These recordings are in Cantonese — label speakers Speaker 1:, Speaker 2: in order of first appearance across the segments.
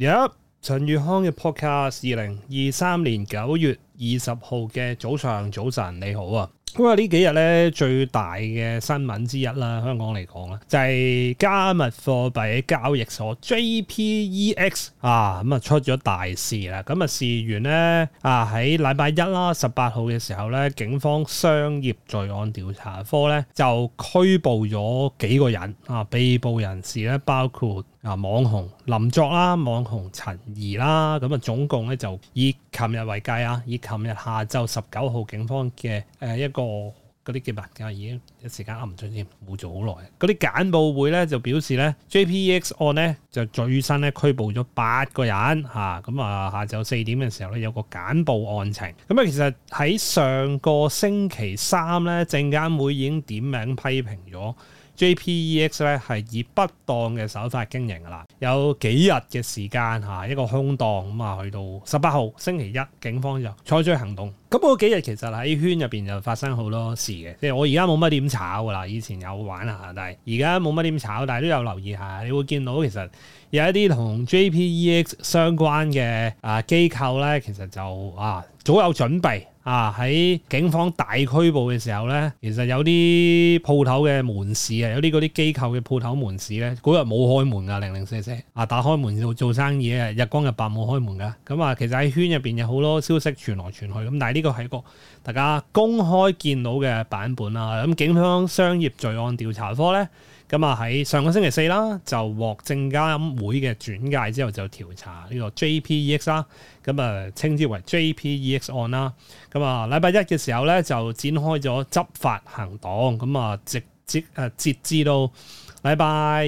Speaker 1: 而陳宇康嘅 podcast 二零二三年九月二十號嘅早上，早晨你好啊。咁啊呢幾日咧最大嘅新聞之一啦，香港嚟講咧就係加密貨幣交易所 JPEx 啊，咁啊出咗大事啦，咁啊事完咧啊喺禮拜一啦十八號嘅時候咧，警方商業罪案調查科咧就拘捕咗幾個人啊，被捕人士咧包括。啊！網紅林作啦，網紅陳怡啦，咁啊，總共咧就以琴日為計啊，以琴日下晝十九號警方嘅誒、呃、一個嗰啲嘅物件，已經一時間啱唔準添，冇、啊、做好耐。嗰啲簡報會咧就表示咧，JPEX 案咧就最新咧拘捕咗八個人嚇，咁啊，啊，啊下晝四點嘅時候咧有個簡報案情，咁啊其實喺上個星期三咧，證監會已經點名批評咗。J.P.E.X 咧係以不當嘅手法經營噶啦，有幾日嘅時間嚇一個空檔，咁啊去到十八號星期一，警方就採取行動。咁嗰幾日其實喺圈入邊就發生好多事嘅，即係我而家冇乜點炒噶啦，以前有玩啊，但係而家冇乜點炒，但係都有留意下，你會見到其實有一啲同 J.P.E.X 相關嘅啊機構咧，其實就啊早有準備。啊！喺警方大拘捕嘅時候呢，其實有啲鋪頭嘅門市啊，有啲嗰啲機構嘅鋪頭門市呢，嗰日冇開門㗎，零零四四，啊，打開門做，做生意，日光日白冇開門㗎。咁啊，其實喺圈入邊有好多消息傳來傳去咁，但係呢個係一個大家公開見到嘅版本啦。咁，啊，警方商業罪案調查科呢。咁啊喺上個星期四啦，就獲證監會嘅轉介之後，就調查呢個 JPEX 啦、啊，咁啊稱之為 JPEX 案啦、啊，咁啊禮拜一嘅時候咧，就展開咗執法行動，咁啊直接誒截至、啊、到禮拜二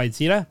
Speaker 1: 為止咧。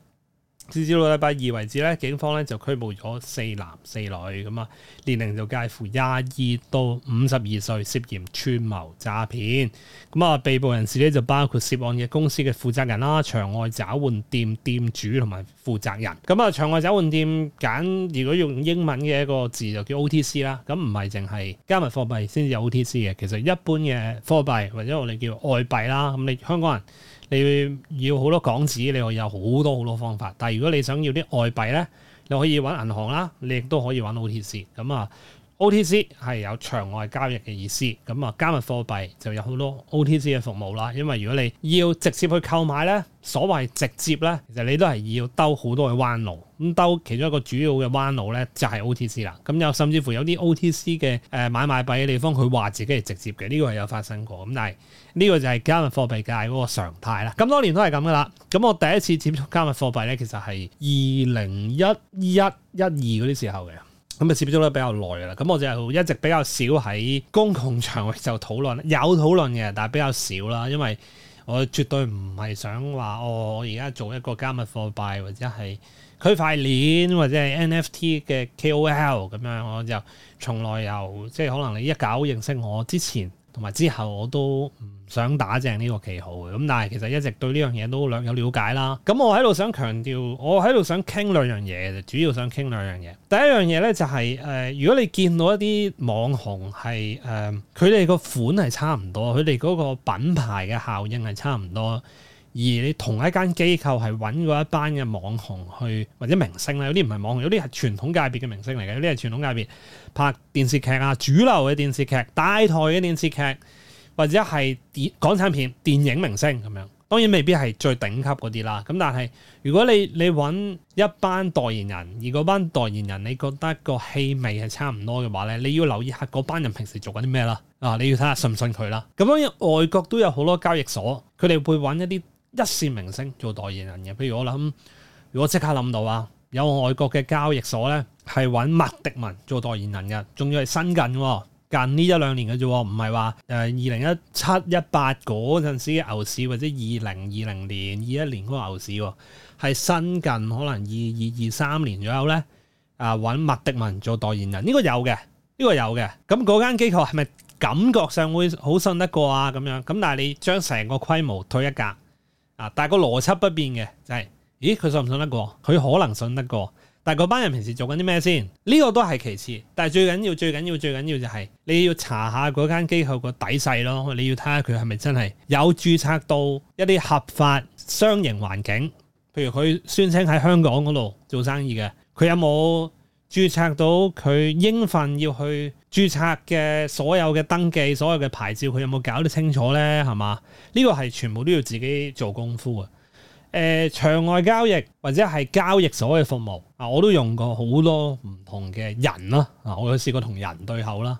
Speaker 1: 至到禮拜二為止咧，警方咧就拘捕咗四男四女，咁啊年齡就介乎廿二到五十二歲，涉嫌串謀詐騙。咁啊，被捕人士咧就包括涉案嘅公司嘅負責人啦、場外找換店店主同埋負責人。咁啊，場外找換店揀，如果用英文嘅一個字就叫 OTC 啦。咁唔係淨係加密貨幣先至有 OTC 嘅，其實一般嘅貨幣或者我哋叫外幣啦，咁你香港人。你要好多港紙，你可以有好多好多方法。但係如果你想要啲外幣呢，你可以揾銀行啦，你亦都可以揾澳鐵線咁啊。O T C 係有場外交易嘅意思，咁啊加密貨幣就有好多 O T C 嘅服務啦。因為如果你要直接去購買呢，所謂直接呢，其實你都係要兜好多嘅彎路。咁、嗯、兜其中一個主要嘅彎路呢，就係、是、O T C 啦。咁、嗯、有甚至乎有啲 O T C 嘅誒、呃、買賣幣嘅地方，佢話自己係直接嘅，呢、這個係有發生過。咁、嗯、但係呢、這個就係加密貨幣界嗰個常態啦。咁、嗯、多年都係咁噶啦。咁、嗯、我第一次接觸加密貨幣呢，其實係二零一一一二嗰啲時候嘅。咁啊，接觸得比較耐啦。咁我就一直比較少喺公共場域就討論，有討論嘅，但係比較少啦。因為我絕對唔係想話、哦，我我而家做一個加密貨幣或者係區塊鏈或者係 NFT 嘅 KOL 咁樣，我就從來由即係可能你一搞認識我之前。同埋之後我都唔想打正呢個旗號嘅，咁但係其實一直對呢樣嘢都有有了解啦。咁我喺度想強調，我喺度想傾兩樣嘢，主要想傾兩樣嘢。第一樣嘢咧就係、是、誒、呃，如果你見到一啲網紅係誒，佢哋個款係差唔多，佢哋嗰個品牌嘅效應係差唔多。而你同一間機構係揾嗰一班嘅網紅去，或者明星啦，有啲唔係網紅，有啲係傳統界別嘅明星嚟嘅，有啲係傳統界別拍電視劇啦，主流嘅電視劇、大台嘅電視劇，或者係港產片、電影明星咁樣。當然未必係最頂級嗰啲啦。咁但係如果你你揾一班代言人，而嗰班代言人你覺得個氣味係差唔多嘅話呢，你要留意下嗰班人平時做緊啲咩啦。啊，你要睇下信唔信佢啦。咁當然外國都有好多交易所，佢哋會揾一啲。一線明星做代言人嘅，譬如我諗，如果即刻諗到啊，有外國嘅交易所呢，係揾麥迪文做代言人嘅，仲要係新近，近呢一兩年嘅啫，唔係話誒二零一七一八嗰陣時嘅牛市，或者二零二零年二一年嗰個牛市，係新近可能二二二三年左右呢。啊搵麥迪文做代言人，呢個有嘅，呢個有嘅，咁嗰間機構係咪感覺上會好信得過啊？咁樣，咁但係你將成個規模退一格。啊！但係個邏輯不變嘅就係、是，咦佢信唔信得過？佢可能信得過，但係嗰班人平時做緊啲咩先？呢、這個都係其次，但係最緊要、最緊要、最緊要就係、是、你要查下嗰間機構個底細咯。你要睇下佢係咪真係有註冊到一啲合法商營環境？譬如佢宣稱喺香港嗰度做生意嘅，佢有冇？註冊到佢應份要去註冊嘅所有嘅登記，所有嘅牌照，佢有冇搞得清楚呢？係嘛？呢、這個係全部都要自己做功夫啊！誒、呃，場外交易或者係交易所嘅服務啊，我都用過好多唔同嘅人啦啊！我有試過同人對口啦，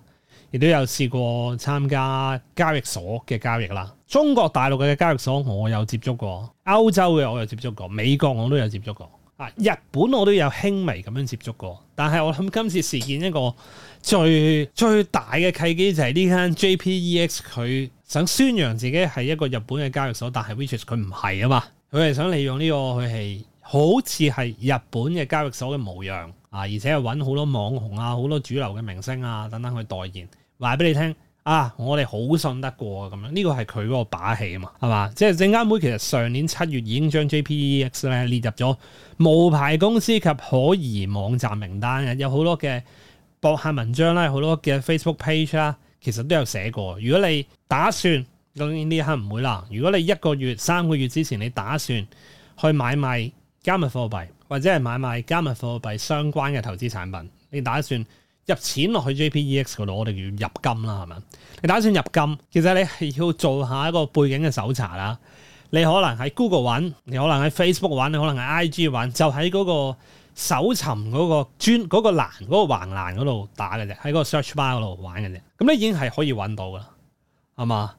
Speaker 1: 亦都有試過參加交易所嘅交易啦。中國大陸嘅交易所我有接觸過，歐洲嘅我有接觸過，美國我都有接觸過。日本我都有輕微咁樣接觸過，但係我諗今次事件一個最最大嘅契機就係呢間 JPEX 佢想宣揚自己係一個日本嘅交易所，但係 whiches 佢唔係啊嘛，佢係想利用呢個佢係好似係日本嘅交易所嘅模樣啊，而且又揾好多網紅啊、好多主流嘅明星啊等等去代言，話俾你聽。啊！我哋好信得過啊，咁樣呢個係佢嗰個把戲啊嘛，係嘛？即係證監會其實上年七月已經將 JPEX 咧列入咗無牌公司及可疑網站名單嘅，有好多嘅博客文章啦，好多嘅 Facebook page 啦、啊，其實都有寫過。如果你打算當然呢刻唔會啦，如果你一個月、三個月之前你打算去買賣加密貨幣，或者係買賣加密貨幣相關嘅投資產品，你打算。入錢落去 JPEX 嗰度，我哋要入金啦，係咪？你打算入金，其實你係要做下一個背景嘅搜查啦。你可能喺 Google 揾，你可能喺 Facebook 揾，你可能喺 IG 玩，就喺嗰個搜尋嗰個專嗰個欄嗰個橫欄嗰度打嘅啫，喺個 search bar 嗰度玩嘅啫。咁咧已經係可以揾到噶啦，係嘛？啊、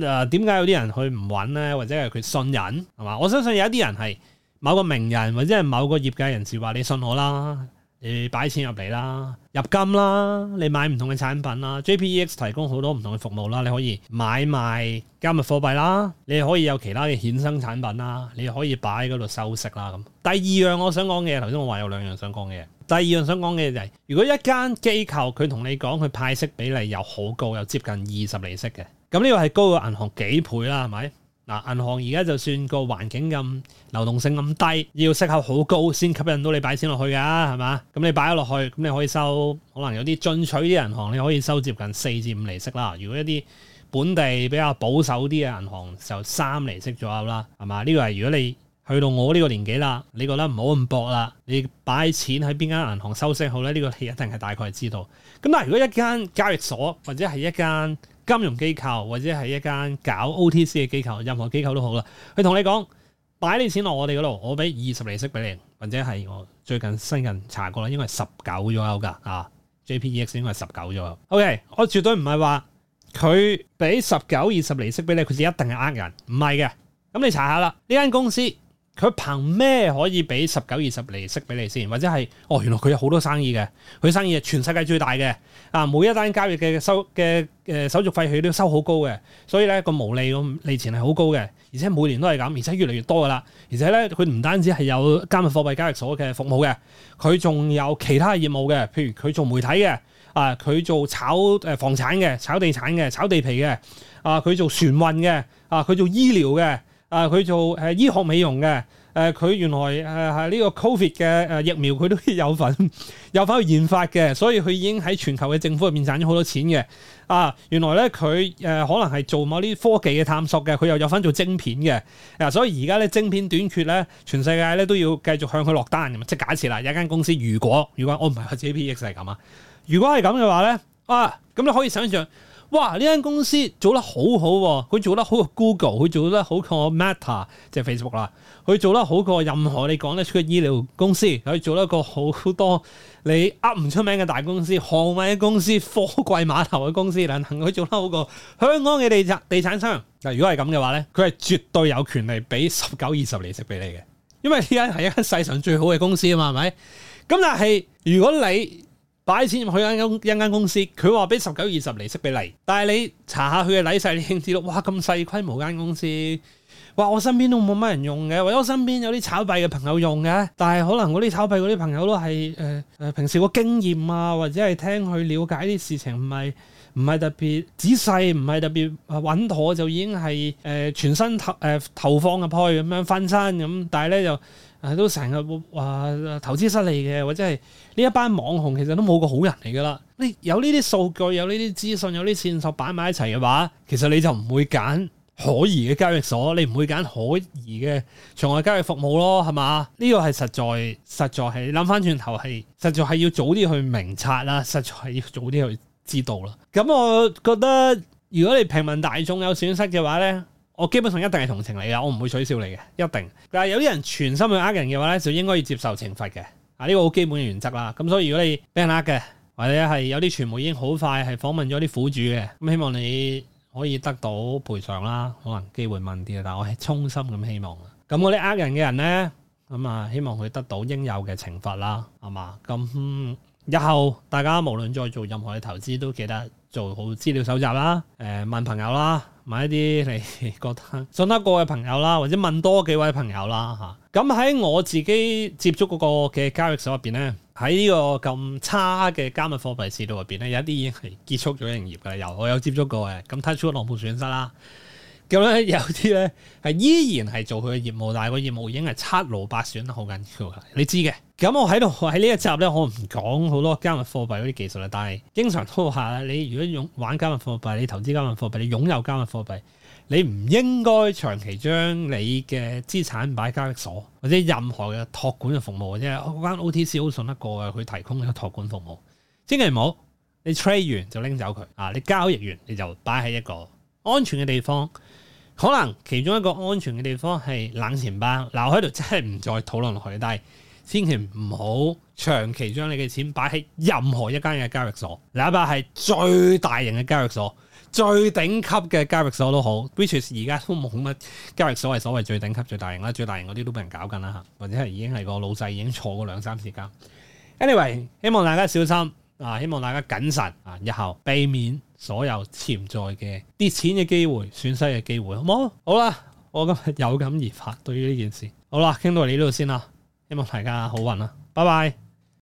Speaker 1: 呃，點解有啲人去唔揾咧？或者係佢信任係嘛？我相信有一啲人係某個名人或者係某個業界人士話你信我啦。誒，擺錢入嚟啦，入金啦，你買唔同嘅產品啦，JPEx 提供好多唔同嘅服務啦，你可以買賣加密貨幣啦，你可以有其他嘅衍生產品啦，你可以擺喺嗰度收息啦咁。第二樣我想講嘅，頭先我話有兩樣想講嘅，第二樣想講嘅就係、是，如果一間機構佢同你講佢派息比例又好高，又接近二十厘息嘅，咁呢個係高過銀行幾倍啦，係咪？嗱，銀行而家就算個環境咁流動性咁低，要息率好高先吸引到你擺錢落去噶，係嘛？咁你擺咗落去，咁你可以收可能有啲進取啲銀行，你可以收接近四至五釐息啦。如果一啲本地比較保守啲嘅銀行就三釐息左右啦，係嘛？呢個係如果你去到我呢個年紀啦，你覺得唔好咁搏啦，你擺錢喺邊間銀行收息好呢？呢個你一定係大概知道。咁但係如果一間交易所或者係一間金融機構或者係一間搞 OTC 嘅機構，任何機構都好啦，佢同你講擺啲錢落我哋嗰度，我俾二十利息俾你，或者係我最近新人查過啦，應該係十九左右㗎啊，JPEX 應該係十九左右。OK，我絕對唔係話佢俾十九二十利息俾你，佢就一定係呃人，唔係嘅。咁你查下啦，呢間公司。佢憑咩可以俾十九二十厘息俾你先？或者係哦，原來佢有好多生意嘅，佢生意係全世界最大嘅啊！每一單交易嘅收嘅誒手續費佢都收好高嘅，所以咧個毛利個利錢係好高嘅，而且每年都係咁，而且越嚟越多噶啦。而且咧佢唔單止係有加密貨幣交易所嘅服務嘅，佢仲有其他業務嘅，譬如佢做媒體嘅啊，佢做炒誒房產嘅、炒地產嘅、炒地皮嘅啊，佢做船運嘅啊，佢做醫療嘅。啊！佢做誒、呃、醫學美容嘅，誒、呃、佢原來誒係呢個 Covid 嘅誒、呃、疫苗，佢都有份， 有份去研發嘅，所以佢已經喺全球嘅政府入面賺咗好多錢嘅。啊，原來咧佢誒可能係做某啲科技嘅探索嘅，佢又有翻做晶片嘅。嗱、啊，所以而家咧晶片短缺咧，全世界咧都要繼續向佢落單。即係假設啦，有一間公司如，如果如果我唔係話 JPEX 係咁啊，如果係咁嘅話咧，啊，咁你可以想象。哇！呢間公司做得好好、啊，佢做得好過 Google，佢做得好過 Meta，即係 Facebook 啦。佢做得好過任何你講得出嘅醫療公司，佢做得好過好多你呃唔出名嘅大公司、航嘅公司、貨櫃碼頭嘅公司，能佢做得好過香港嘅地產地產商。嗱，如果係咁嘅話咧，佢係絕對有權利俾十九二十釐息俾你嘅，因為呢間係一間世上最好嘅公司啊嘛，係咪？咁但係如果你擺錢入去間公一間公司，佢話俾十九二十利息俾你，但係你查下佢嘅底細，你已經知道：哇「哇咁細規模間公司，哇我身邊都冇乜人用嘅，或者我身邊有啲炒幣嘅朋友用嘅，但係可能嗰啲炒幣嗰啲朋友都係誒誒平時個經驗啊，或者係聽佢了解啲事情，唔係唔係特別仔細，唔係特別穩妥，就已經係誒、呃、全身投誒、呃、投放入去咁樣翻身。咁，但係咧就……係都成日話投資失利嘅，或者係呢一班網紅其實都冇個好人嚟噶啦。你有呢啲數據，有呢啲資訊，有啲線索擺埋一齊嘅話，其實你就唔會揀可疑嘅交易所，你唔會揀可疑嘅場外交易服務咯，係嘛？呢個係實在，實在係諗翻轉頭係，實在係要早啲去明察啦，實在係要早啲去知道啦。咁我覺得，如果你平民大眾有損失嘅話呢。我基本上一定係同情你啊！我唔會取笑你嘅，一定。但係有啲人全心去呃人嘅話呢，就應該要接受懲罰嘅。啊，呢個好基本嘅原則啦。咁所以如果你俾人呃嘅，或者係有啲傳媒已經好快係訪問咗啲苦主嘅，咁希望你可以得到賠償啦。可能機會慢啲，但我係衷心咁希望。咁嗰啲呃人嘅人呢，咁啊希望佢得到應有嘅懲罰啦，係嘛？咁、嗯、日後大家無論再做任何嘅投資，都記得做好資料搜集啦，誒、呃、問朋友啦。買一啲你覺得信得過嘅朋友啦，或者問多幾位朋友啦吓。咁喺我自己接觸嗰個嘅交易所入邊咧，喺呢個咁差嘅加密貨幣市道入邊咧，有一啲已經係結束咗營業㗎。由我有接觸過嘅，咁睇出浪貶損失啦。咁咧、嗯、有啲咧係依然係做佢嘅業務，但係個業務已經係七勞八損得好緊要嘅。你知嘅。咁我喺度喺呢一集咧，我唔講好多加密貨幣嗰啲技術啦。但係經常都話啦，你如果用玩加密貨幣，你投資加密貨幣，你擁有加密貨幣，你唔應該長期將你嘅資產擺交易所或者任何嘅託管嘅服務嘅啫。嗰間 OTC 好信得過嘅，佢提供嘅託管服務千祈唔好。你 trade 完就拎走佢啊！你交易完你就擺喺一個安全嘅地方。可能其中一個安全嘅地方係冷錢包。嗱，我喺度真係唔再討論落去。但係千祈唔好長期將你嘅錢擺喺任何一間嘅交易所。哪怕係最大型嘅交易所、最頂級嘅交易所都好 which is 而家都冇乜交易所係所謂最頂級最、最大型啦。最大型嗰啲都俾人搞緊啦嚇，或者係已經係個老細已經坐過兩三次監。Anyway，希望大家小心啊，希望大家謹慎啊，日後避免。所有潛在嘅跌錢嘅機會、損失嘅機會，好冇？好啦，我今日有感而發，對於呢件事，好啦，傾到嚟呢度先啦，希望大家好運啦，拜拜。